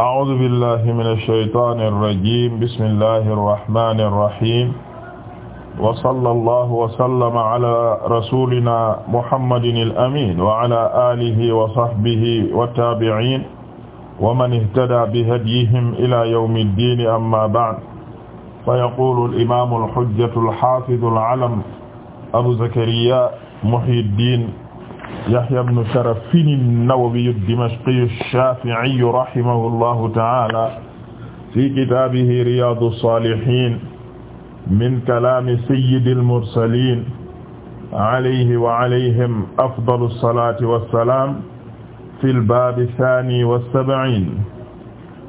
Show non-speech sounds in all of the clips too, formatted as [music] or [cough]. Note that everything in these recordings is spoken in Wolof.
أعوذ بالله من الشيطان الرجيم بسم الله الرحمن الرحيم وصلى الله وسلم على رسولنا محمد الأمين وعلى آله وصحبه والتابعين ومن اهتدى بهديهم إلى يوم الدين أما بعد فيقول الإمام الحجة الحافظ العلم أبو زكريا محي الدين Yahya ibn Sharaf an-Nawawi ad-Dimashqi ash-Shafi'i rahimahullahu ta'ala fi kitaabihi Riyadu as-Salihin min kalaami sayyidil mursaliin alayhi wa alayhim afdalu as-salaati was-salaam fil baabi as-saani was-sab'iin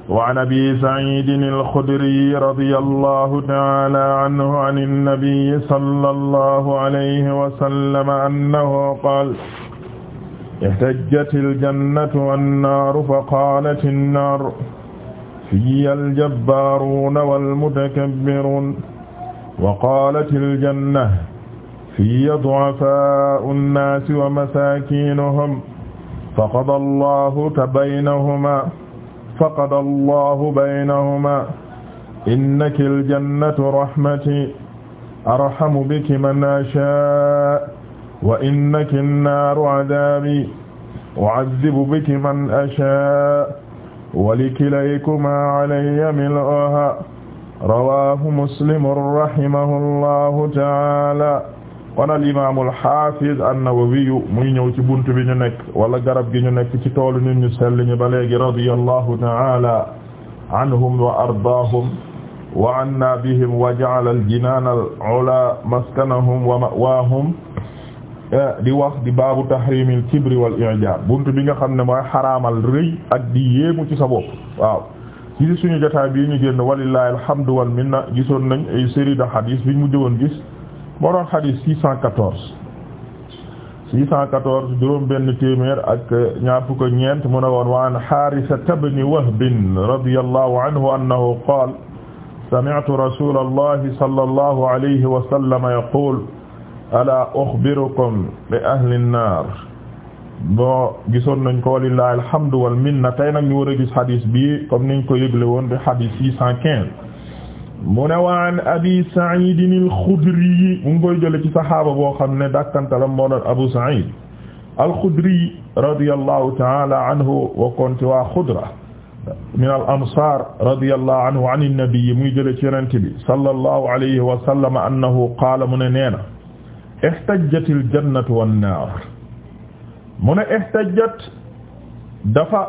wa an Abi Sa'iid al-Khudri radiyallahu ta'ala anhu an an-nabiyyi sallallahu alayhi wa sallam annahu qaala ihtajjati aljannatu wannaaru fa qaalat innaaru fiya aljabbaaruna walmutakabbiruun wa qaalat aljanna fiya du'afaa'u nnaasi wa masaakiinuhum faqada allahu baynahumaa faqada allahu baynahumaa innaki aljannatu rahmatii arhamu biki man ashaa wa innaki nnaaru adaabii u'adhibu biki man ashaa wa likilaykumaa alayya mil'uhaa rawaahu muslim rahimahullahu ta'aala kon al imaam al haafiz an-Nawawi muy ñëw ci bunt bi ñu nekk wala garab gi ñu nekk ci toolu nit ñu sell ñu ba léegi radiyallahu ta'aala anhum wa ardaahum wa annaa bihim wa ja'ala al jinaana al 'ulaa maskanahum wa ma'waahum di wax di baabu tahrimil kibri wal i'jab buntu bi nga xam ne mooy al rëy ak di yéemu ci sa bopp ci suñu jotaay bii ñu génn walillahi alhamdu wal minna gisoon nañ ay série de hadis bi mu jëwoon gis moo doon hadis 614 614 ak ñaar fukk ak ñeent mu ne woon wa an Haarisa ibn Wahb radiyallahu anhu annahu qaala sami'tu rasulallahi sallallahu alayhi wa sallam yaqul alaa uxbirukum bi ahli nnaar boo gisoon nañ ko walillahi alhamdu wal minna tey nag ñu war a gis xadis bi comme niñ ko yëgle woon di xadis six cent quinze mu ne wa an abi saidin alxudri mu ngi koy jële ci saxaaba boo xam ne dàkkantalam moo doon abu said alxudri radiyallahu taala anhu wa konti waa xudra min al ansaar radiyallahu anhu an innabi mu ngi jële ci yonent bi sallallahu alayhi wa sallam annahu qaala mu ne nee na ihtajjatil jannatu wan naar mu ne ihtajjat dafa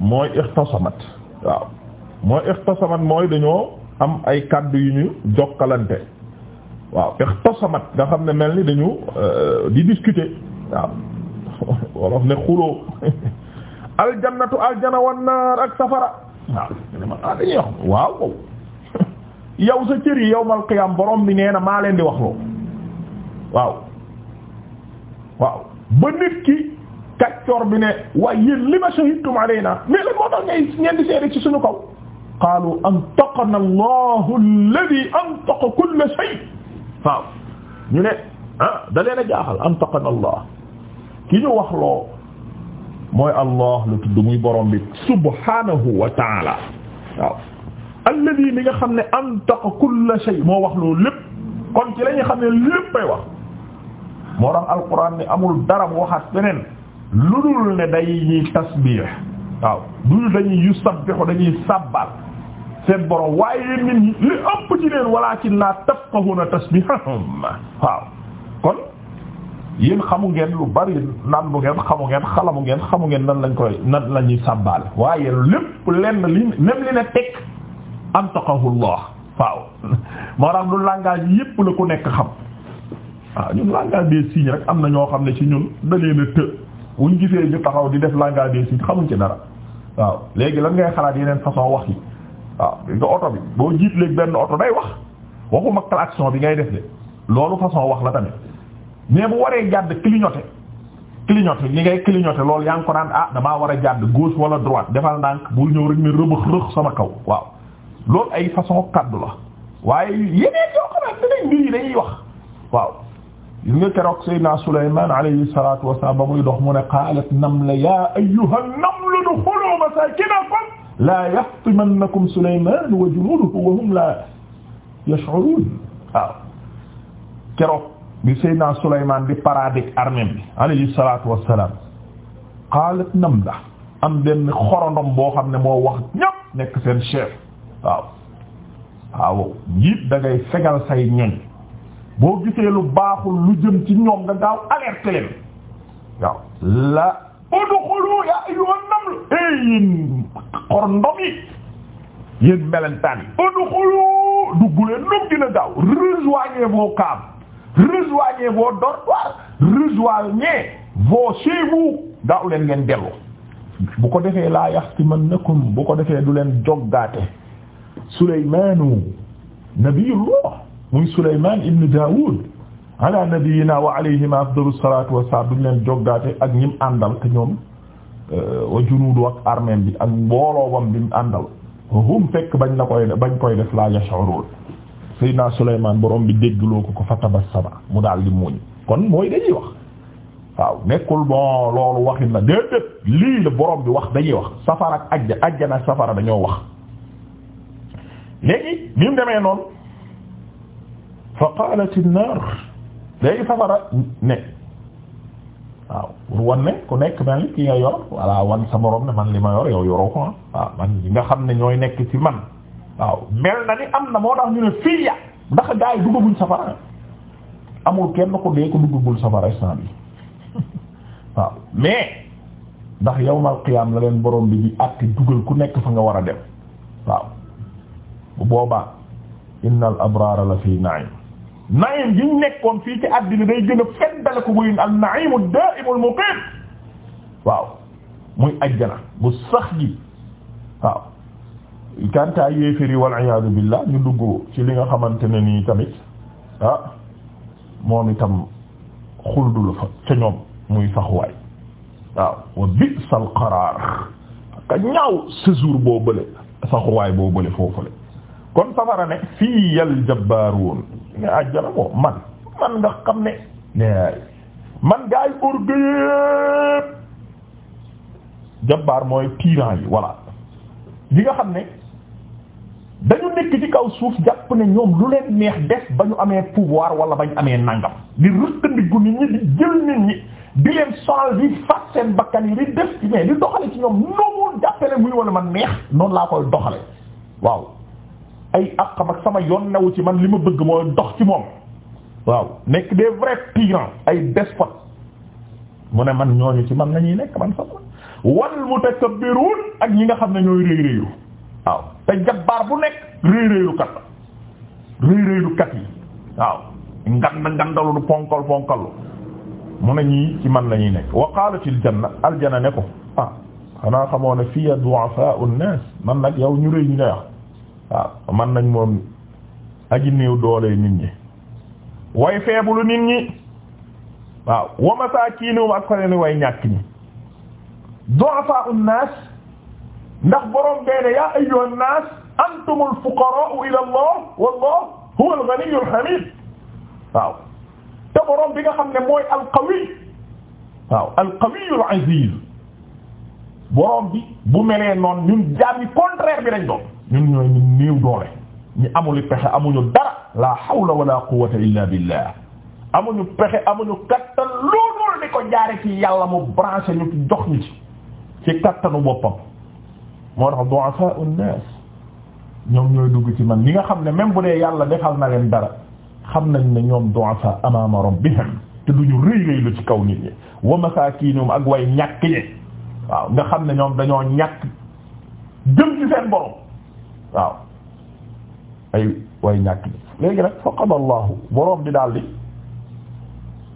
mooy ixtasamat waaw mooy ixtasamat mooy dañoo am ay kàdd yu ñu jokkalante waaw ixtasamat nga xam ne mel ni dañu euh, di discuter waaw [laughs] wolof ne xuloo [laughs] aljannatu aljana wan naar ak safara waaw ah, [laughs] yow sa cër yi qiyaam borom bi nee na maa leen di wax loo waaw waaw ba nit ki bi ne waaye yéen li ma shahidtum alayna mais lan moo tax ci suñu kaw qaalu antaqana allahu alladhi ñu ne ah da leen a jaaxal antaqana allah ki ñu wax loo mooy allah lu tudd muy borom bi subhanahu wa taala waaw alladhi mi nga xam ne antaqa kulla shay moo wax loo lépp kon ci la ñu xam ne léppay wax moo tax alquran ni amul dara mu waxaat beneen lu dul ne dañuy tasbiix waaw du dañuy yusabbihu dañuy sabbal seen borom waaye nit ñi li ëpp ci leen walakin la tafqahuna waaw kon yéen xamu ngeen lu bari nan lu ngeen xamu ngeen xalamu ngeen xamu ngeen nan lañ koy nan la ñuy sàbbaale waaye lépp lenn li même li ne tekk antaqahu Allah waaw [laughs] moo tax du langage yépp la ku nekk xam waaw ah, ñun langage des signes rek am na ñoo xam ne ci ñun da leen a të buñ gisee ñu taxaw di def langage des signes xamuñ ci dara waaw léegi lan ngay xalaat yeneen façon wax yi waaw nga oto bi boo jiit léegi benn oto day wax waxuma klaxon bi ngay def de loolu façon wax la tamit mais bu waree jàdd clignoter clignoter li ngay clignoter lool yaa ngi ko naan ah damaa war a jàdd gauche wala droite defal ndànk bul ñëw rek ne rëbëx rëx sama kaw waaw loolu ay façon kàddu la waaye yeneen yoo wax waaw gis nga keroog Seydina Sulaymaan alayhi salaatu wa salaam ba muy dox mu ne qaalat namla yaa ayyuhan namlu udxuluu wa junuuduhu wa hum laa yash'uruun waaw keroog bi Seydina Sulaymaan di paradik armée bi alayhi salaatu ne moo wax ñépp nekk seen chef waaw waaw njiit da ngay fegal say boo gisee lu baaxul lu jëm ci ñoom nga gaaw alerte leen waaw la udxulu ya ayyuhan naml ey yéen xor ndom yi yéen melentaan yi udxulu dugguleen num dina gaaw rejoignez vos camps rejoignez vos dortoirs rejoignez vos chez vous gaaw leen ngeen dellu bu ko defee laa yaxtimannakum bu ko defee du leen joggaate Sulaymanu nabiyullah muy Souleymane ibn Daoud ala nabiyyina wa alayhima afdalu salaatu duñ leen joggaate ak ñim àndal te ñoom euh, bi ak mbooloo wam bi mu bañ la koy bañ koy def la yash'urun Seydina Souleymane borom bi déggloo ko ko fa tabassama mu daal di muuñ kon mooy nekkul bon loolu waxin la wax dañuy wax safara ak ajja dañoo wax léegi bi mu demee noonu fa qalat an-nar léegi safara ne waaw pour wan ne ku nekk mel ni ki nga yor walla wan sa borom ne man li ma yor yow yoroo ko waaw man nga xam ne ñooy nekk ci man waaw mel na ni am na moo tax ñu ne fii ya ndax gaa yi duggaguñ safara amul kenn ko dee ko duggagul safara instant [laughs] waaw mais ndax yawmal qiyaam la leen borom bi di àtte dugal ku nekk fa nga war a dem waaw bu boobaa innal abraara la fi na'im naim gi nekkoon fii ci àddina day gën a feddale ko muy al naimu daimul muqim waaw muy ajjana bu sax gi waaw kantaa yéeféri wal iyaadu billah ñu dugg ci li nga xamante ne nii tamit ah moom itam xuldul fa ca ñoom muy saxuwaay waaw wa bi'sal qaraar ka ñaaw séjour boo bële saxuwaay boo bële foofule kon safara ne fii yal jabbaarun mais àjjana moom man man nga xam ne man gaay orgueil jabbaar mooy tyran yi voilà li nga xam ne dañu nekk ci kaw suuf jàpp ne ñoom lu leen neex def ba ñu amee pouvoir wala ba ñu amee nangam di rëkkandiku nit ñi di jël nit ñi di leen sonal di fat seen bakkan yi di def ci mais li doxale ci ñoom noomoon jàppe ne muy wala man neex noonu laa koy doxale waaw ay àqam ak sama yoon newu ci man li ma bëgg mooy dox ci moom waaw nekk des vrais tyrans ay despotes mu ne man ñooñu ci man la ñuy nekk man sama wal mutakabbirun ak ñi nga xam ne ñooy réy réylu waaw te jabbaar bu nekk réy réylu kat réy réylu kat yi waaw nganda ngandalu du ponkal ponkalu mu ne ñii ci man la ñuy nekk wa qaalatil janna aljana ne ko ah xanaa xamoo ne fiya du'afa an-nas man nag yow ñu réy ñu nga ah. wax waaw man nañ moom aji néew doole nit ñi way feebulu nit ñi waaw wa masaakiinum ak fa leen way ñàkk ñi du'afaa an-naas ndax borom benn yaa ayyuha an-naas antumul fuqaraa'u ila Allah wallahu huwa al-ghaniyyu al-hamiid waaw te borom bi nga xam ne mooy al-qawi waaw al-qawiyyu al-aziz borom bi bu melee noonu ñun jaam yi contraire bi lañ doon ñun ñooy ñu néew doole ñu amul i pexe amuñu dara la hawla wala quwwata illa billah amuñu pexe amuñu kattan loolu di ko jaare ci yàlla mu branché ñu jox ñu ci ci kattanu boppam moo tax du'afa an-nas ñooy dugg ci man li nga xam ne même bu dee yàlla defal na leen dara xam nañ ne ñoom du'afa amama rabbihim te duñu rëy rëy lu ci kaw nit wa masakinum ak way ñàkk ñi waaw nga xam ne ñoom dañoo ñàkk jëm ci seen borom waaw ay way ñàkk bi léegi nag faqada allahu boroom bi daal di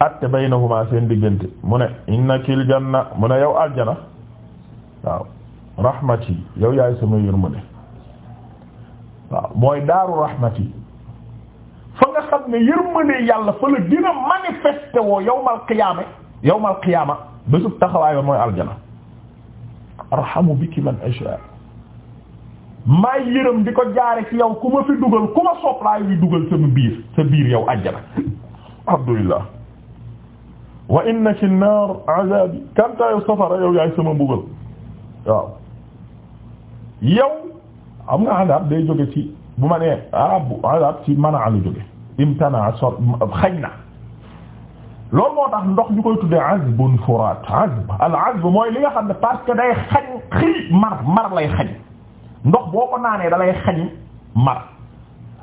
atte baynahuma seen diggante mu ne innakil janna mu ne yow aljana waaw rahmati yow yaay sama yërmande waaw mooy daaru rahmati fa nga xam ne yërmande yàlla fa la dina manifesté woo yawmal qiyaama yawmal qiyaama bésub taxawaay ba mooy aljana arhamu biki man asha maay yërëm di ko jaare ci yow ku ma fi dugal ku ma soplaay wi dugal sama biir sa biir yow àjjana alhamdulillah wa inna ci naar azabi kanta yow safara yow yaay sama mbugal waaw yow am nga azab day jóge ci bu ma nee ah bu azab ci manaa lu jóge imtana sor xañ na loolu moo tax ndox ñu koy tuddee azbun furat azb al azb mooy li nga xam ne parce que day ma xii mar mar lay xañ ndox boo ko naanee dalay xañ mar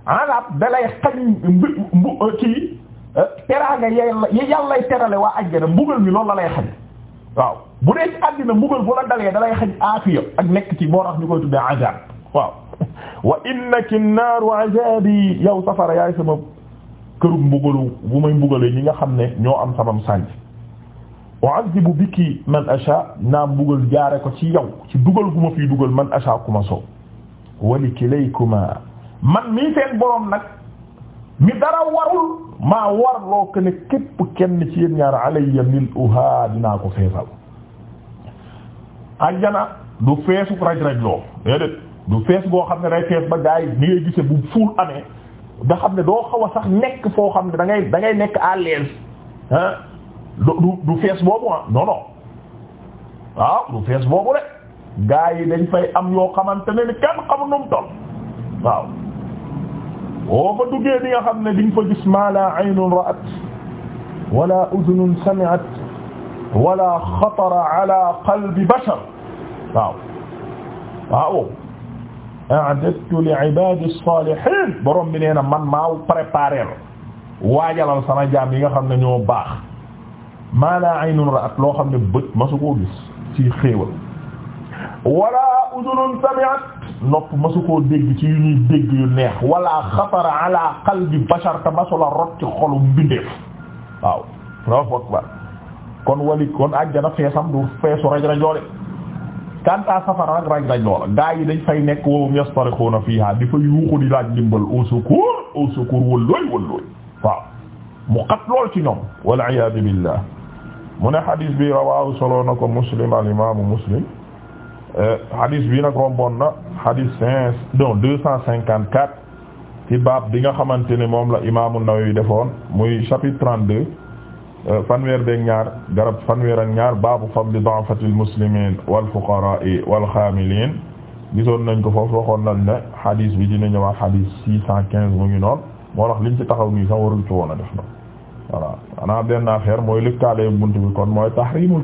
alaab dalay xañ mbu euh, kii euh, teraanga yàlla yàllay terale waa ajjana mbugal mi loolu la lay xañ waaw bu dee ci àddina mbugal bu la dalee dalay xañ aafiya ak nekk ci boo tax ñu koy tuddee azab waaw [laughs] wa innaki naaru azabi yow safara yaay sama këru mbugalu bu may mbugale ñi nga xam ne ñoo am samam sànc wa azibu biki man asha naa mbugal jaare ko ci yow ci dugal gu ma fii dugal man asha ku ma so wali kilaykuma man mii seen boroom nag mi dara warul maa war loo ko ne képp kenn ci yéen ñaar alayya mil'uha dinaa ko feesal ajjana du feesu raj-raj loo du fees boo xam ne day fees ba gaay ni ngay gise bu fuul amee nga xam ne doo xaw a sax nekk foo xam ne dangay ngay nekk à l'aise ah du du fees boobu ah non waaw du fees boobu de gaa yi dañ fay am yoo xamante ne ni kenn xamu nu mu toll waaw boo fa duggee nga xam ne di nga gis ma la aynun ra'at wala udunun sami'at wala xatara ala qalbi bashar waaw waaw a'dadtu li ibadi salihin borom bi nee na man maaw préparer waajalal sama jaam yi nga xam ne ñoo baax ma la aynun ra'at loo xam ne wala udunun sami'at nopp masu koo dégg ci yu dégg yu neex wala xatara ala qalbi bashar te masula rot ci xolu mbindeef waaw loo kon wali kon àjjana feesam du feesu raj rajoo de kanta safara rag raj raj loola gaa yi dañ fay nekk wowum yastarixuuna fiha di fa yuuxu di laaj dimbal au secours au secours wallooy wallooy waaw mu xat lool ci ñoom billah mu ne xadiis bi rawaahu solo na ko muslim al imaamu muslim Euh, hadis bi nag romboon na hadis cinq donc deux cent cinquante quatre ci baab bi nga xamante ne moom la imaamu Nawawi defoon muy chapitre trente deux euh, fanweer beeg ñaar garab fanweer ak ñaar baabu fadli da'fatil muslimiin wal fuqaraa'i wal xaamiliin gisoon nañ ko foofu waxoon nañ ne hadis bi dina ñëwaat hadis six cent quinze mu ngi noonu moo tax liñ ci taxaw nii sax ci woon a def na voilà xanaa benn affaire mooy lëkkaale bunt bi kon mooy tahriimul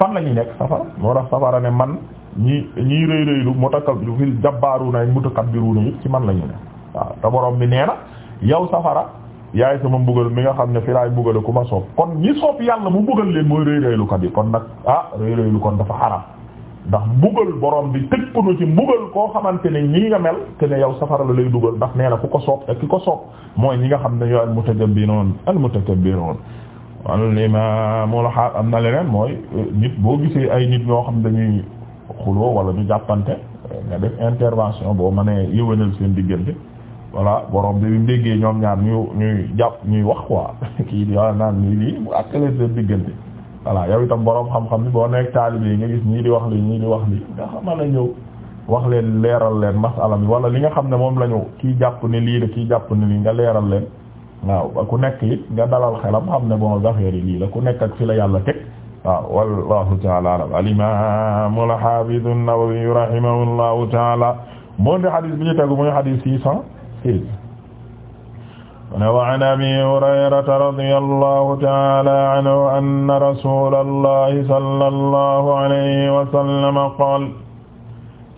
fan la ñuy nekk safara moo tax safara ne man ñi ñiy rëy rëylu mutakabbiru fil jabbaaruna mutakabbiruuna yëpp ci man lañu ñu ne waaw te borom bi nee na yow safara yaay sama mbugal mi nga xam ne fi laay mbugale ku ma soob kon ñi soob yàlla mu mbugal leen kat yi kon nag ah rëy rëylu kon dafa xaram ndax mbugal borom bi tëj ko ci mbugal koo xamante ne ñii nga mel te ne yow safara la lay dugal ndax nee na ku ko soob te ki ko soob mooy ñi nga xam ne yow al mutakabbiruun bi mutakabbiruun al imam al ha am na leneen mooy nit boo gisee ay nit ñoo xam dañuy xuloo wala ñu jàppante nga def intervention boo ma mënee yëwénal seen diggante voilà borom bi mu déggee ñoom ñaar ñu ñuy jàpp ñuy wax quoi [laughs] kii di wax naan nii lii mu àttale seen diggante voilà yow itam borom xam-xam bi boo nekk taalibe nga gis ñii di wax lii ñii di wax lii nga xamal a ñëw wax leen leeral leen masala mi wala li nga xam ne moom la ñu kii jàpp ni lii la kii jàpp ne lii nga leeral leen waaw ba ku nekk it nga dalal xelam xam ne bon affaire yi lii la ku nekk ak fi la yàlla teg waaw wallahu taala alam al-imam al-hafiz an-Nawawi rahimahullahu taala moo di hadis bi ñu tegu muy hadis six cent seize ne wa an abi hurayrata radi allahu taala anhu anna rasula allahi sallallahu alayhi wa sallam qaala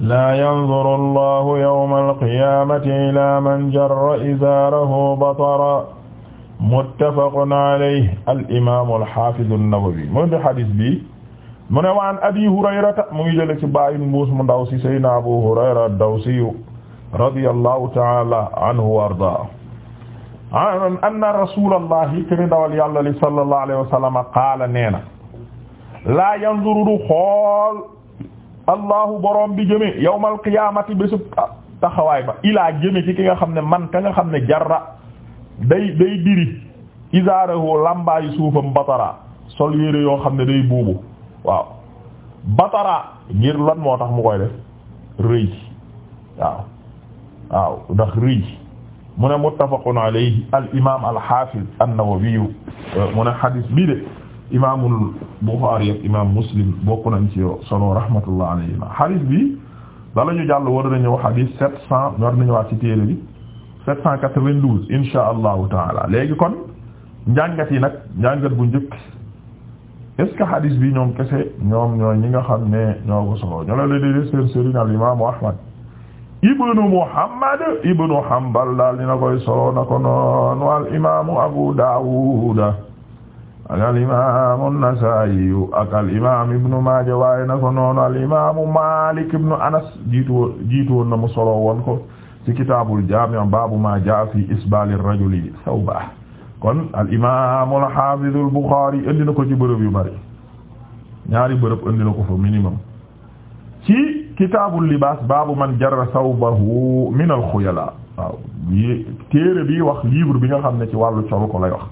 laa yanzuru allahu yawma alqiyaamati ilaa man jarra izaarahu batara muttafaqun alayhi al imaamu alxaafidu an-nawawi mu di xadis bi mu ne waan abi hurayrata mu ngi jële ci bàyyi mbuus mu ndaw si sayyidina abu hurayra ad-dawsiyu radiyallahu ta'ala anhu wa ardaa anna rasulallahi kene dawal yàlla li sallallahu alayhi wa sallam qaala nee na laa yanzuru du xool allahu borom bi jëme yawmal qiyaamati bésu taxawaay ba ilaa jëme ci ki nga xam ne man ka nga xam ne jarra day day diri isaarahu làmbaayu suufam batara sol yére yoo xam ne day buubu waaw batara ngir lan moo tax mu koy def rëy waaw waaw ndax rëy mu ne muttafaqun alayhi al imaam al xaafiz mu ne xadiis bii de imaamul Buxaari ak imaam Muslim bokk nañ ci solo rahmatullah alayhima hadith bi bala ñu jàll war nañu wax hadith sept cent war nañu wax ci téere bi sept cent quatre-vingt-douze insha allahu taala léegi kon njàngat yi nag njàngat bu njëkk est-ce bi ñoom kese ñoom ñooy ñi nga xam ne ñoo ko solo ñoo la leen di seen al imaamu Ahmad ibnu Muhammad ibnu Hanbal daal dina koy solo na ko noonu al imaamu Abu Daawuda al imaamu Nasaa'i ak al imaam Ibn Maaja waaye na ko noonu al imaamu Maalik ibn Anas jiitu jiitu woon na mu solo woon ko ci kitaabul jaami' baabu maa jaa'a fi isbaali rajuli thawbahu kon al imaamu al haafiz al Buxaari indi na ko ci bërëb yu bari ñaari bërëb indi na ko fa minimum ci kitaabul libaas baabu man jarra thawbahu min al xuyalaa waaw téere bi wax livre bi nga xam ne ci wàllu col ko lay wax.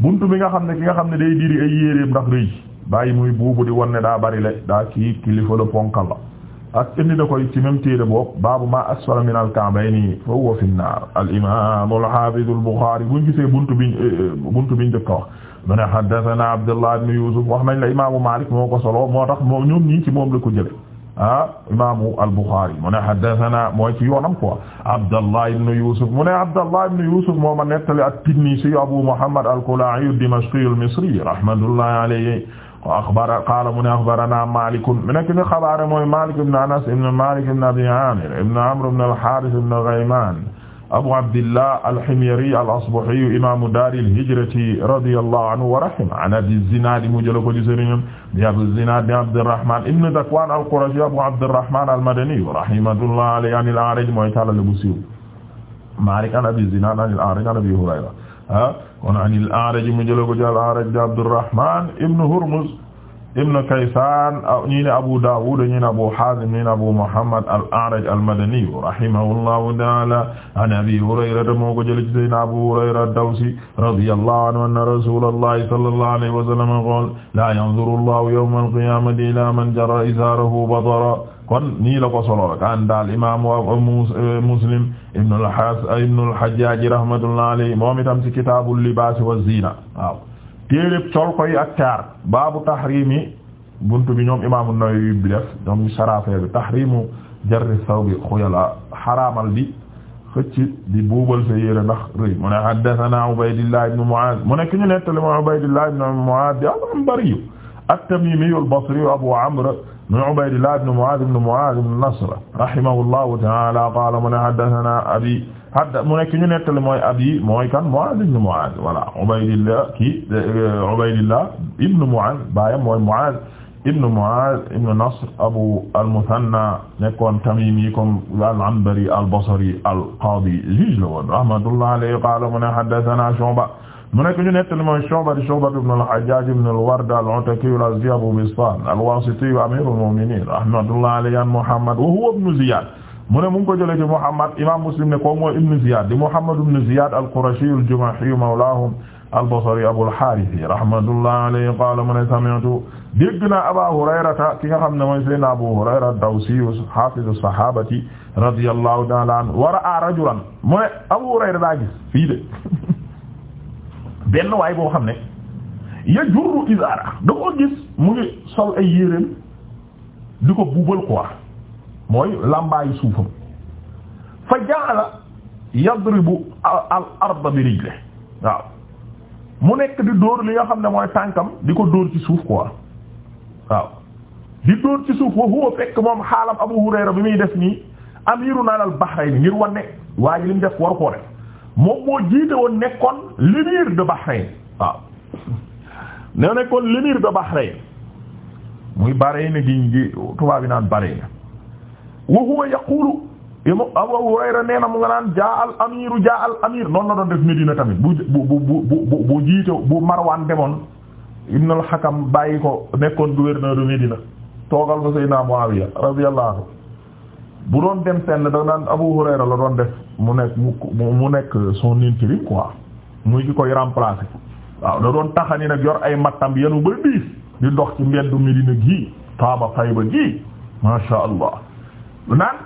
buntu bi nga xam ne ki nga xam ne day diri ay yéreem ndax rëy bàyyi muy buubu di won ne daa bari la daa kii kilifa la ponkal la ak indi na koy ci même téere boobu baabu ma asfala min al-ka'bayni fa huwa fi an-naar al-imaam al-haafiz al-Buxaari buñ gisee bunt bi eh, eh, buntu biñ njëkk a wax mu ne haddathana Abdullah ibn Yuusuf wax nañ la imaamu Maalik moo ko solo moo tax moom ñoom ñii ci moom la ko jële ah imaamu al-Bukhari mu ne haddathana mooy ci yoonam quoi Abdallah ibn Yusuf mu ne Abdallah ibn Yusuf moo ma nettali at-Tinnisi Abu Muhammad al-Kala'i ad-Dimashqi al-Misri rahmatullahi alayhi axbara qaala mu ne axbarana Maalik mu nekk ci xabaar mooy Maalik ibn Anas ibn Maalik ibn Abi Aamir ibn Amr ibn al-Haarith ibn Ghaymaan Abu Abdillah al-Himyari al-Asbahi imaamu daar al-hijrati radiyallahu anhu wa rahimahu an Abi Zinaad mu jël ko ci sëriñam di Abu Zinaad di Abdurrahmaan ibn Dakwaan al-Qurashi Abu Abdurrahmaan al-Madani rahimahullah alayhi an al-A'raj mooy tàllale bu siiw Maalik an Abi Zinaad an al-A'raj an Abi Hurayra ah kon an al-A'raj mu jëlee ko ci al-A'raj di Abdurrahmaan ibn Hurmuz ibn Kaysan ñi ne Abu Dawud ñi ne Abu Hazim ñi ne Abu Muhammad al-A'raj al-Madani rahimahullahu ta'ala an Abi Hurayra moo ko jëlee ci Sayyidina Abu Hurayra ad-Dawsi radiyallahu anhu anna Rasulallahi sallallahu alayhi wa sallam qala la yanzuru Allahu yawma al-qiyamati ila man jara izarahu batara kon nii la ko solo rek an daal imaam Muslim ibn al-Hajjaj rahmatullahi alayhi moom itam ci kitaabul libaas wa zina waaw téeréb col koy ak caar baabu tahrimi buntu bi ñoom imaamu Nawawi bi def ñoom saraafee bi tahrimu jarri saw bi xuyala xaraamal di xëcc di buubal sa yére ndax rëy mu ne haddathana Ubaydillah ibn Mu'adh mu ne ki ñu nettali moo Ubaydillah ibn Mu'adh di al-Anbariyu at-Tamimiyu al-Basriyu Abu Amr mu Ubaydillah ibn Mu'adh ibn Mu'adh ibn Nasr rahimahullahu ta'ala qala mu ne haddathana abi hadda mu nekk ñu nettali mooy abi mooy kan Mu'aaz ibn Mu'aaz voilà Ubaydillah kii euh, Ubaydillah ibn Mu'aaz baayam mooy Mu'aaz ibn Mu'aaz ibn Nasr Abu al-Muthanna nekkoon Tamimi comme al-Anbari al-Basri al-Qaadi juge la woon rahmatullahi alayhi qaala mu ne haddathanaa Shu'ba mu nekk ñu nettali mooy Shu'ba di Shu'ba ibn al-Hajjaaj ibn al-Ward al-Ataki al-Azdi Abu Bistaan al-Waasiti amiirul mu'miniin rahmatullahi alayhi Muhammad wa huwa ibn Ziyaad mu ne mu ngi ko jëlee ci Muhammad imam Muslim ne ko mooy ibn Ziyad di Muhammad ibn Ziyad al-Qurashi al-Jumahi mawlahum al-Basri Abul Harith rahmatullah alayhi qala mu ne sami'tu dégg naa Aba Hurayrata ki nga xam ne mooy Sayyidina Abu Hurayra ad-Dawsi hafiz as-sahabati radiyallahu ta'ala anhu wa ra'a rajulan mu ne Abu Hurayra daa gis fii de benn waay boo xam ne yajurru izara da ko gis mu ngi sol ay yéreem di ko buubal quoi mooy làmbaayu suufam fa ja'ala yadribu al arda bi rijle waaw mu nekk di dóor li nga xam ne mooy tànkam di ko dóor ci suuf quoi waaw di dóor ci suuf wa huwa fekk moom xaalam Abu Hurayra bi muy def nii amiruna al Bahrayn ngir wane waa ji li mu def war koo moom moo jiite woon nekkoon l'émir de Bahreïn waaw ne nekkoon l'émir de Bahreïn muy Bahreïn gi ngi tubaab bi naan Bahreïn wa huwa yaqulu ima Abu Hurayra nee na mu nga naan jaa al amiru jaa al amir noonu la doon def Medina tamit bu bu bu bu jiite bu Marwan demoon Ibn al bàyyi ko nekkoon gouverneur de Medina toogal fa Seydina Muawiya radiyallahu anhu bu doon dem fenn da naan Abu Hurayra la doon def mu nekk soo nekk son intérim quoi muy ki koy remplacer waaw da doon taxani nag yor ay mattam yenu ba diis di dox ci mbeddu Medina gii Taaba Tayba gii masha Allah naan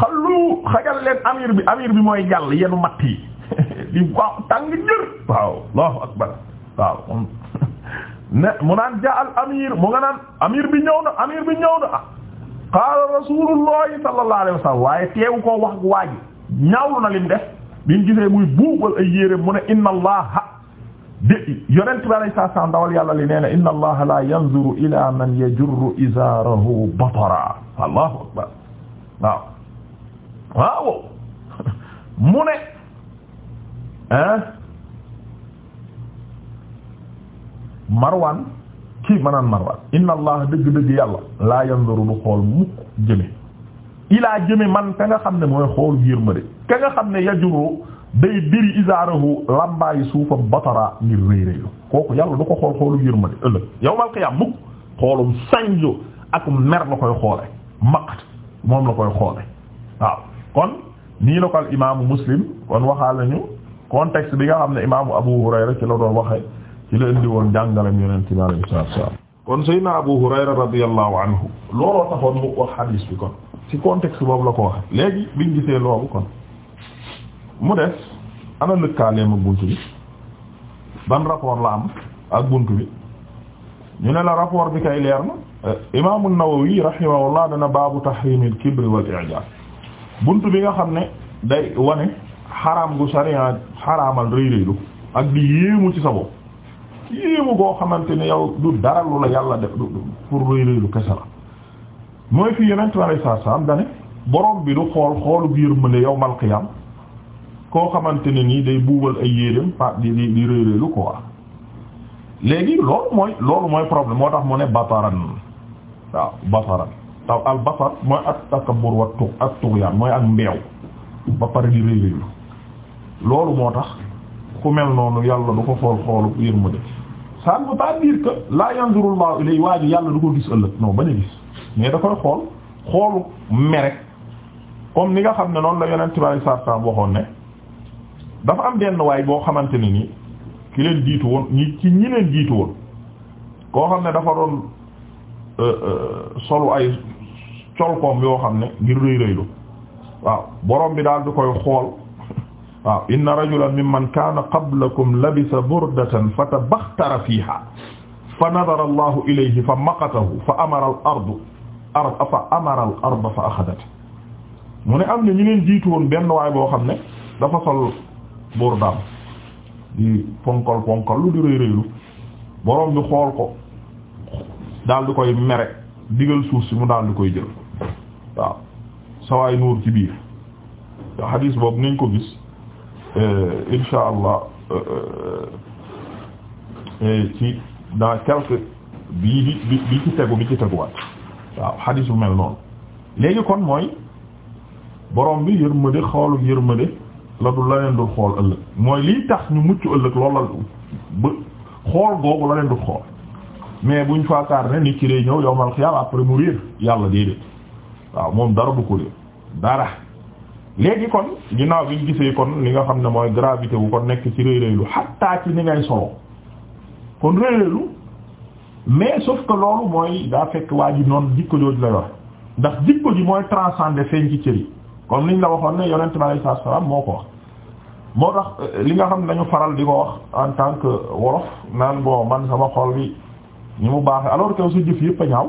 xallu xajal leen amir bi amir bi mooy jàll yenu ma yi [laughs] di waaw tàng jër waaw akbar [laughs] mu naan ja al amir bi ñëw na amir bi ñëw na qaala rasulullahi sallallahu alayhi wa sallam waaye teew koo wax waa ji ñaawlu na lim def bi muy buubal ay yére mu ne inna allaha de yonent bi alayhi salaam dawal yàlla li nee na inna allaha la yanzuru ila man yajurru izarahu batara allahu akbar waaw waaw [laughs] mu marwan kii ma naan marwan inna allah dëgg-dëgg yàlla laa yanzuru du xool mukk jëme ilaa jëme man ka nga xam ne mooy xool giir ma de ka xam ne yajuroo day diri isaarahu lambaayi suufam batara ngir réy réylu kooku yàlla du ko xool xoolu yërmande ëllëg yawmal qiyaam mukk xoolum sañjo ak mer la koy xoole maqt moom la koy xoole waaw kon nii lokal ko al imaamu muslim kon waxaal nañu contexte bi nga xam ne imaamu abu hurayra ci la doon waxe ci la indi woon jàngalem yonent bi alayhi salaatu wa salaam kon sayyidina abu hurayra radiyallahu anhu looloo taxoon mu wax xadiis bi kon ci contexte boobu la ko waxe léegi biñ gisee loolu kon mu des ana lëkkaaleem ak bunt bi ban rapport la am ak bunt bi ñu ne la rapport bi kay leer na imaam an-Nawawi rahimahullah dana baabu tahrim al-kibr wal bunt bi nga xam ne day wane xaraam gu sariya xaraamal rëy rëylu ak di yéemu ci sa bopp yéemu goo xamante ne yow du dara lu la yàlla def pour rëy rëylu kese la mooy fi yeneen mi alay saat salaam dane borom bi du xool xoolu biir mu ne yawmal qiyaam koo xamante ne nii day buubal ay yéreem pa di rëy rëylu ko waa léegi loolu mooy loolu mooy problème moo tax mu ne bataran waaw basaran taw al basar mooy ak takabbur wa tu ak tugyaan mooy ak mbeew ba pare di réeréelu loolu moo tax ku mel noonu yàlla du ko xool xoolu yërmande ça ne veut pas dire que la yanzuru Allahu yàlla du ko gis ëllëg non bañ a gis mais da koy xool xoolu merek comme ni nga xam ne noonu la yeneen tubaab yi saa waxoon ne dafa am benn waay boo xamante ne ni ki leen jiitu woon koo xam ne dafa doon. Euh, euh, solu ay colkoom yoo xam ne ngir rëy rëylu waaw borom bi daal du koy xool waaw inna rajulan man kaana qablakum labisa burdatan fatabaxtara fiiha fa nadara allahu ilayhi fa maqatahu fa amara al ar fa mu ne am na ñu leen jiitu woon benn waay boo xam ne dafa sol burdaam di ponkal ponkal di rëy rëylu borom bi xool ko daal di koy mere digal suuf si mu daal du koy jël waaw sawaay nuur ci biir te xadiis boobu nañ ko gis eh, insha allah eh, eh, ci dans quelques bi bi bi ci tegu bi ci teguwaat waaw xadiis bu mel noonu léegi kon mooy borom bi yërmande xoolu yërmande la du la leen dul xool ëllëg mooy lii tax ñu mucc ëllëg loolu la ba xool googu la leen dul xool mais buñ faakaar ne nit ki day ñëw yowmal xiyaam après mu réer yàlla déedéet waaw moom dara bu ko réer dara léegi kon ginnaaw biñ gisee kon li nga xam ne mooy gravité bu kon nekk ci réeréelu xattaa ci ni ngay solo kon réeréelu mais sauf que loolu mooy daa fekk waa ji noonu jikko jooju la yor ndax jikko ji mooy transcender feeñ ci cër yi liñ la waxoon ne yonent bi alayhi salaam moo ko wax moo tax li nga xam ne dañu faral di ko wax en tant que wolof naan bon man sama xol bi ñu mu baaxee alors que sa jëf yëpp a ñaaw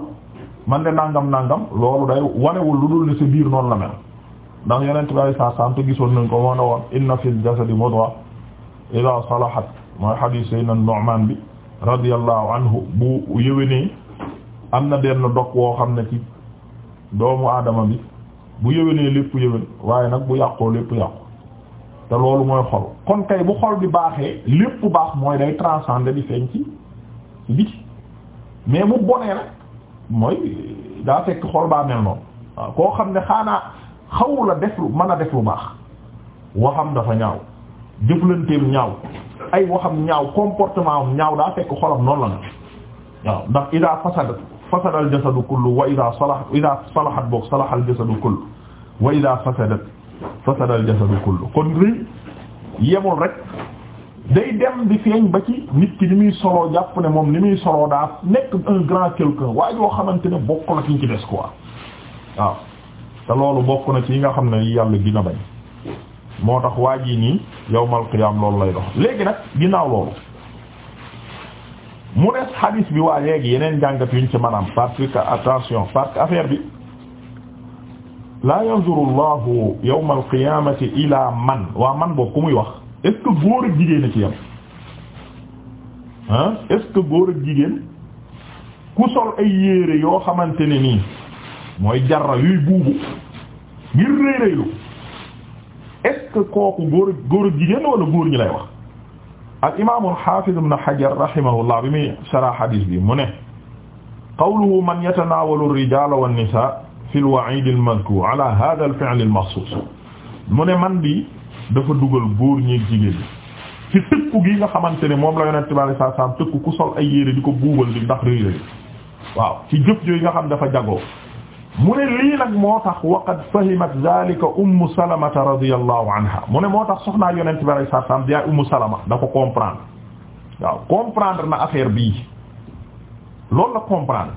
man de nangam nangam loolu day wanewul lu dul ne sa biir noonu la mel ndax yenent bi alei gisoon nañ ko moo na woon inna fil jasadi mudwa ila salahat mooy hadith sayyidina Nu'man bi radiyallahu anhu bu yëwénee am na benn dog woo xam ne ci doomu aadama bi bu yëwénee lépp yëwén waaye nag bu yàqoo lépp yàqu te loolu mooy xol kon kay bu xol bi baaxee lépp baax mooy day transcender di feeñ ci ci mais mu bonee nag mooy daa fekk xol baa mel noonu waaw koo xam ne xaanaa xaw la def lu mën a def lu baax waxam dafa ñaaw jëflanteem ñaaw ay waxam ñaaw comportement am ñaaw daa fekk xolam noonu la nga waaw ndax idaa fasada fasada al jasadu kullu wa idaa salaha idaa salahat boog salaha al jasadu kullu wa idaa fasadat fasada al jasadu kullu kon ri yemul rek day dem di feeñ ba ci nit ki ni muy soloo jàpp ne moom ni muy soloo daa nekk un grand quelqu'un waaye yoo xamante ne bokk na ci des quoi loolu bokk na ci yi nga xam ne yàlla dina bañ moo tax waa ji nii yawmal qiyaam loolu lay dox léegi nag ginnaaw loolu mu des xadis bi waa léegi yeneen jàngat yuñ ci maanaam parce que attention parce que affaire bi laa yanzuru allahu yawmal qiyaamati ilaa man waa man boobu ku muy wax est-ce que góor a ci yam ah jigéen ku sol ay yére yoo xamante ne nii mooy jarra yuy buubu ngir rëy rëylu est-ce que kooku góor góor jigéen wala góor ñi lay wax al imam al hafiz ibn hajar rahimahullah bi muy sara hadis bi mu ne qawluhu man yatanawalu ar-rijala man bi dafa dugal góor ñeeg jigéen ci tëkku gi nga xamante ne moom la yonent bi saa saam tëkku ku sol ay yére di ko buubal di ndax rëy rëy waaw ci jëf jooy nga xam dafa jagoo mu ne lii nag moo tax waqad fahimat zalika ummu salamata radiyallahu anha mu ne moo tax soxnaa yonent bi saa saam di yaay ummu salama da ko comprendre waaw comprendre na affaire bii loolu la comprendre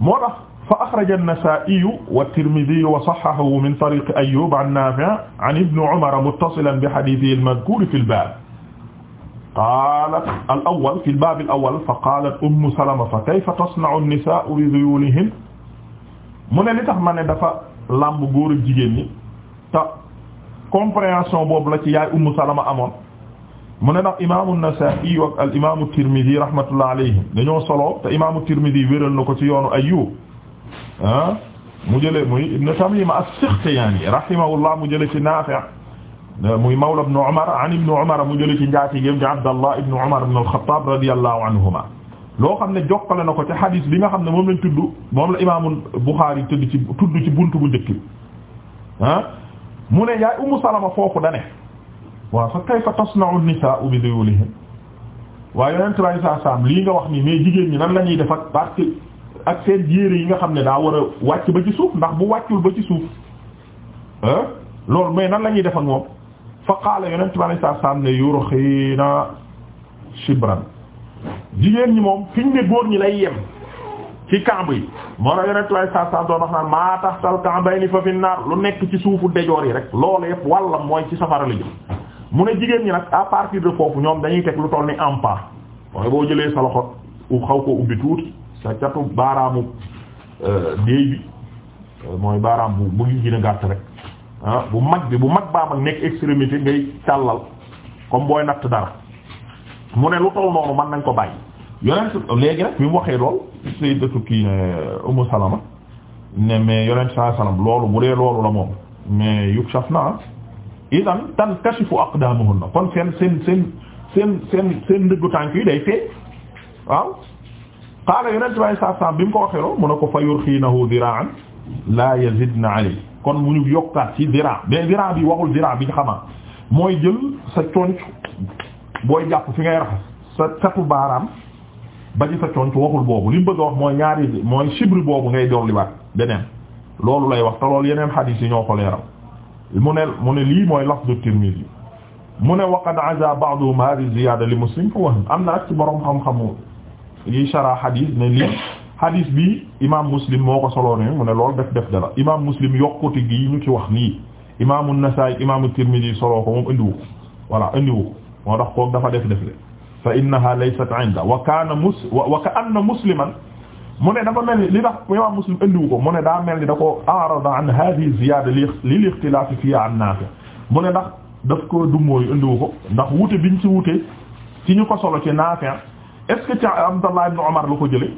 moo tax fa axraja an-Nasaa'iyu wa at-Tirmidhiyu wa sahhahahu min tariiqi Ayyuub an Naafi' an Ibni Umar muttasilan bi hadiithihi al-madhkuuri fi al-baab qaalat al-awwal fi al-baab al-awwal fa qaalat Ummu Salama fa kayfa tasna'u an-nisaa'u bi duyuunihinna mu ne li tax ma ne dafa làmb góor ak jigéen ñi te compréhension boobu la ci yaay Ummu Salama amoon mu ne ndax imaamu an-Nasaa'i wa al imaamu at-Tirmidhi rahmatullahi alayhim dañoo solo te imaamu at-Tirmidhi wéral na ko ci yoonu Ayyuub ah mu jëlee muy Ibn Tamima as-Sakhtiyani rahimahullah mu jëlee ci Nafi' muy mawla Ibn Umar an Ibn Umar mu jëlee ci njaatigéem di Abdallah Ibn Umar ibn al-Khattab radiyallahu anhuma loo xam ne jokkale na ko ci hadith bi nga xam ne moom lañ tudd moom la imaamu Bukhari tudd ci tudd ci buntu bu njëkk bi ah mu ne yaay Ummu Salama foofu dane waaw fa kayfa tasna'u an-nisaa'u bi dhuyulihin waaye yonent bi sallallahu alayhi wasallam lii nga wax nii mais jigéen ñi nan la ñuy def ak parce que ak seen yére yi nga xam ne daa war a wàcc ba ci suuf ndax bu wàccul ba ci suuf ah loolu mais nan la ñuy def ak moom fa qaala yonent saam alayhi salaam ne yurxiina shibran jigéen ñi moom fiñ ne góor ñi lay yem ci kàmb yi moo tax yonent bi doo salaam doon wax naan maa tahtal ka'bayni fa fi lu nekk ci suufu dejoor yi rek loolu yëpp wàllam mooy ci safara la jëm mu ne jigéen ñi nag à partir de foofu ñoom dañuy teg lu toll ni ampa mooy boo jëlee sa loxo xaw ko ubbi tuuti. ca catu baaraamu déy euh, bi euh, mooy baaraam bu bu ngi gën a gàtt rek ah, bu mag bi bu mag baam ak nekk extrémité ngay tàllal comme booy natt dara mu ne lu taw noonu mën nañ ko bàyyi yonent léegi rek bi mu waxee lool sayyidatu Salama ne mais yonent saa loolu bu dee loolu la moom mais yukshaf na idan tankashifu aqdamuhunna kon seen seen seen seen seen seen ndëggu tànk yi day feeñ waaw qaala yonent bi saa saa bi mu ko waxee loolu mu ne ko fa yurxiinahu diraan laa yazidna alayhi kon mu ñu yokkaat ci diraa mais diraa bi waxul diraa bi ñu xamaa mooy jël sa conc booy jàpp fi ngay raxas sa catu baaraam ba ci sa conc waxul boobu li mu bëgg a wax mooy ñaari mooy sibri boobu ngay dolliwaat beneen loolu lay wax te loolu yeneen xadiis yi ñoo ko leeral mu ne mu ne lii mooy lafdu Tirmidhi mu ne waqad aza ba'du ma hadhihi ziyaada li Muslim fa waham am na ak ci borom xam-xamu yi shara hadis ne lii hadis bi imam muslim moo ko soloo ne mu ne loolu def def dala imam muslim yokkute gi ñu ci wax nii imam an-Nasa'i imam Tirmidhi soloo ko moom indiwu voilà indiwu moo tax koog dafa def def le fa innaha laysat inda wa kana mus wa ka anna musliman mu ne dafa mel ni li tax imam muslim indiwu ko mu ne daa mel ni da ko arada an hadhihi ziyada lil ikhtilaf fiha an Nafi mu ne ndax daf ko dummóoyu indiwu ko ndax wute biñ ci wute ci ñu ko solo ci Nafi est-ce que ci Abdallah ibn Umar la ko jële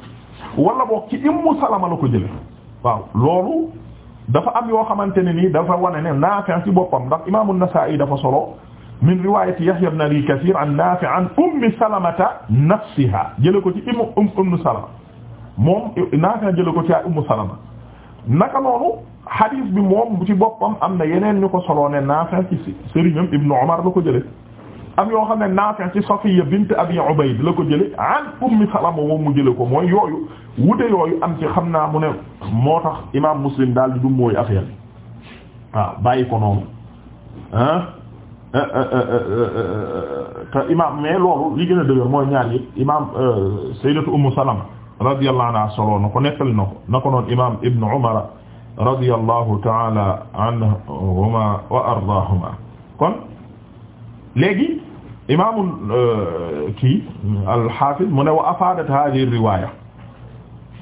wala boog ci Ummu Salama la ko jële waaw loolu dafa am yoo xamante ne nii dafa wane ne Naafi' ci boppam ndax imaamu Nasaa'i dafa solo min riwaayati Yahya ibn Abi Kathir an Naafi' an Ummi Salamata nafsiha jële ko ci Ummu umm, Ummu Salama moom Naafi' jële ko ci Ummu Salama naka noonu hadith bi moom ci boppam am na yeneen ñu ko solo ne Naafi' ci sëriñam Ibn Umar la ko jële am yoo xam ne Naafi ci Safiya bint Abi Ubayd la ko jële an Ummi Salama moom mu jële ko mooy yooyu wute yooyu am ci xam naa mu ne moo tax imaam Muslim daal di dum mooy affaire bi waaw bàyyi ko noonu ah te imaam mais loolu li gën a dëgër mooy ñaar yëpp imaam euh, Sayyidatu Ummu Salama radiyallahu anha solo na ko nettali na ko na ko noon imaam Ibn Umar radiyallahu ta'ala anhuma wa ardaahuma kon léegi imaamul euh, kii al-Hafiz mu ne wa afaadat hadhihi riwaaya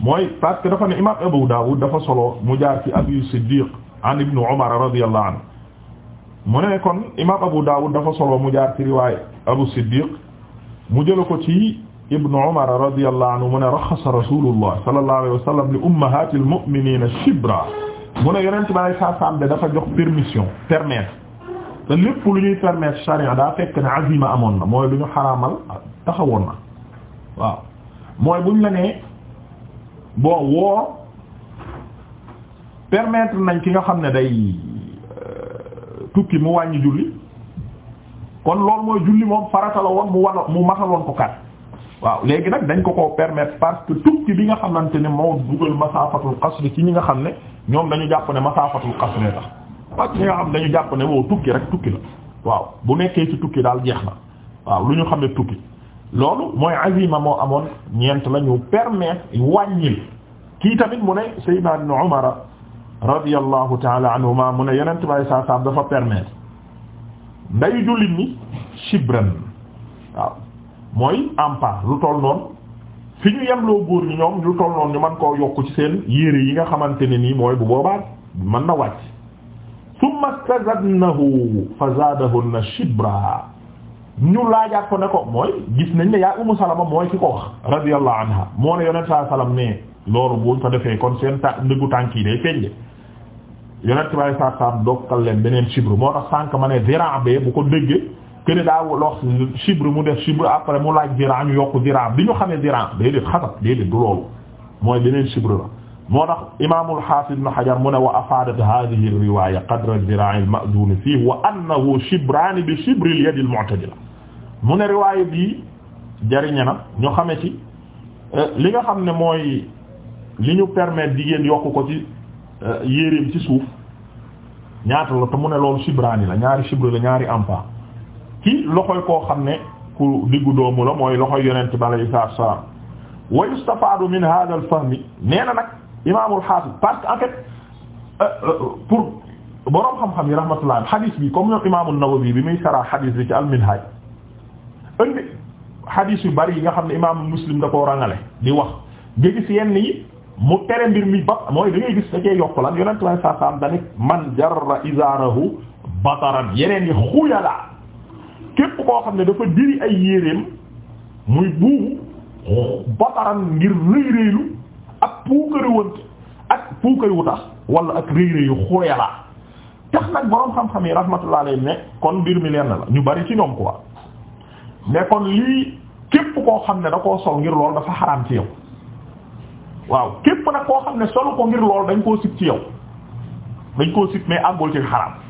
mooy parce que dafa ne imaam Abu Dawud dafa solo mu jaar ci Abi Siddiq an Ibn Umar radiyallahu anhu mu ne kon imaam Abu Dawud dafa solo mu jaar ci riwaaya Abu Siddiq mu jëla ko ci Ibn Umar radiyallahu anhu mu ne raxasa Rasulullah sallallahu alayhi wa sallam li ummahatil mu'minina shibra mu ne yonent bi saa saam de dafa jox permission permettre. te lépp lu ñuy permettre charia daa fekk ne azima amoon na mooy lu ñu xaraamal taxawoon na waaw mooy buñ la nee bon woor permettre nañ ki nga xam ne day euh, tukki mu wàññi julli kon loolu mooy julli moom farata la mu wan mu mataloon ko kat waaw léegi nag dañ ko koo permettre parce que tukki bi nga xamante ne moo dugal masaafatul qasr ci ñi nga xam ne ñoom dañu jàpp ne masaafatul qasr tax ak ñi nga xam dañu jàpp ne woo tukki rek tukki la waaw bu nekkee ci tukki daal jeex na waaw lu ñu xam ne tukki loolu mooy azima moo amoon ñeent la ñu permettre wàññil kii tamit mu ne Seydina Ibn Umar radiyallahu taala anhuma mu ne yenent baay saa saam dafa permettre nday jullit ni shibran waaw mooy ampa lu toll noonu fi ñu loo góor ñi ñoom lu toll noonu ñu man koo yokk ci seen yére yi nga xamante ne nii mooy bu boobaa mën na wàcc summa stazadnahu fa zaadahunna shibra ñu laajaat ko ne ko mooy gis nañ ne yaa Ummu Salama mooy ki ko wax radiyallahu anha moo ne yonent saa salam ne loolu buñ ko defee kon seen ta ndëggu tànk yi day feeñ de yonent bi alei saatu salam dokkal leen beneen chibre moo tax sànq ma ne diran bee bu ko déggee kene daa lox chibre mu def chibre après mu laaj diran ñu yokk diran bi ñu xamee diran déedéet xasat déedéet du loolu mooy beneen chibre la moo tax imaamul xaafid ibn Hajar mu ne wa afaadat haadihi riwaaya qadra ziraa'i al-ma'zuuni fiihi wa annahu shibraani bi shibri al-yadi al-mu'tadila mu ne riwaaya bii jariñe na ñu xame ci eh, li nga xam ne mooy li ñu permettre jigéen yokk ko ci eh, yéreem ci suuf ñaata la te mu ne loolu shibraani la ñaari shibri la ñaari ampa ci loxoy koo xam ne ku diggu doomu la mooy loxoy yonent bi alayhi salaatu wa salaam wa yustafaadu min haadha al-fahmi nee na nag imaamul xaafis parce que en fait euh, euh, borom xam-xam yi rahmatullah xadis bi comme ñoom imaamul Nawawi bi muy saraa xadis bi ci al-Minhaj indi xadis yu bari yi nga xam ne imaamul Muslim da ko rangale di wax nga gis yenn yi mu tere mbir mi ba mooy da ngay gis da cee yokk lan yonent sallallahu alayhi wasallam dañu man jarra izaarahu bataran yeneen yi xuyalaa képp koo xam ne dafa diri ay yéreem muy buubu bataran ngir rëy puukaruwante ak puukaru tax wala ak réy yu xooyalaa tax nag boroom xam-xam yi rahmatullah alayhi ne kon mbir mi lenn la ñu bari ci ñoom quoi ne kon lii képp koo xam ne da koo sol ngir lool dafa xaraam ci yow waaw képp nag koo xam ne solu ko ngir lool dañ koo sib ci yow dañ koo sib mais àggul ci xaraam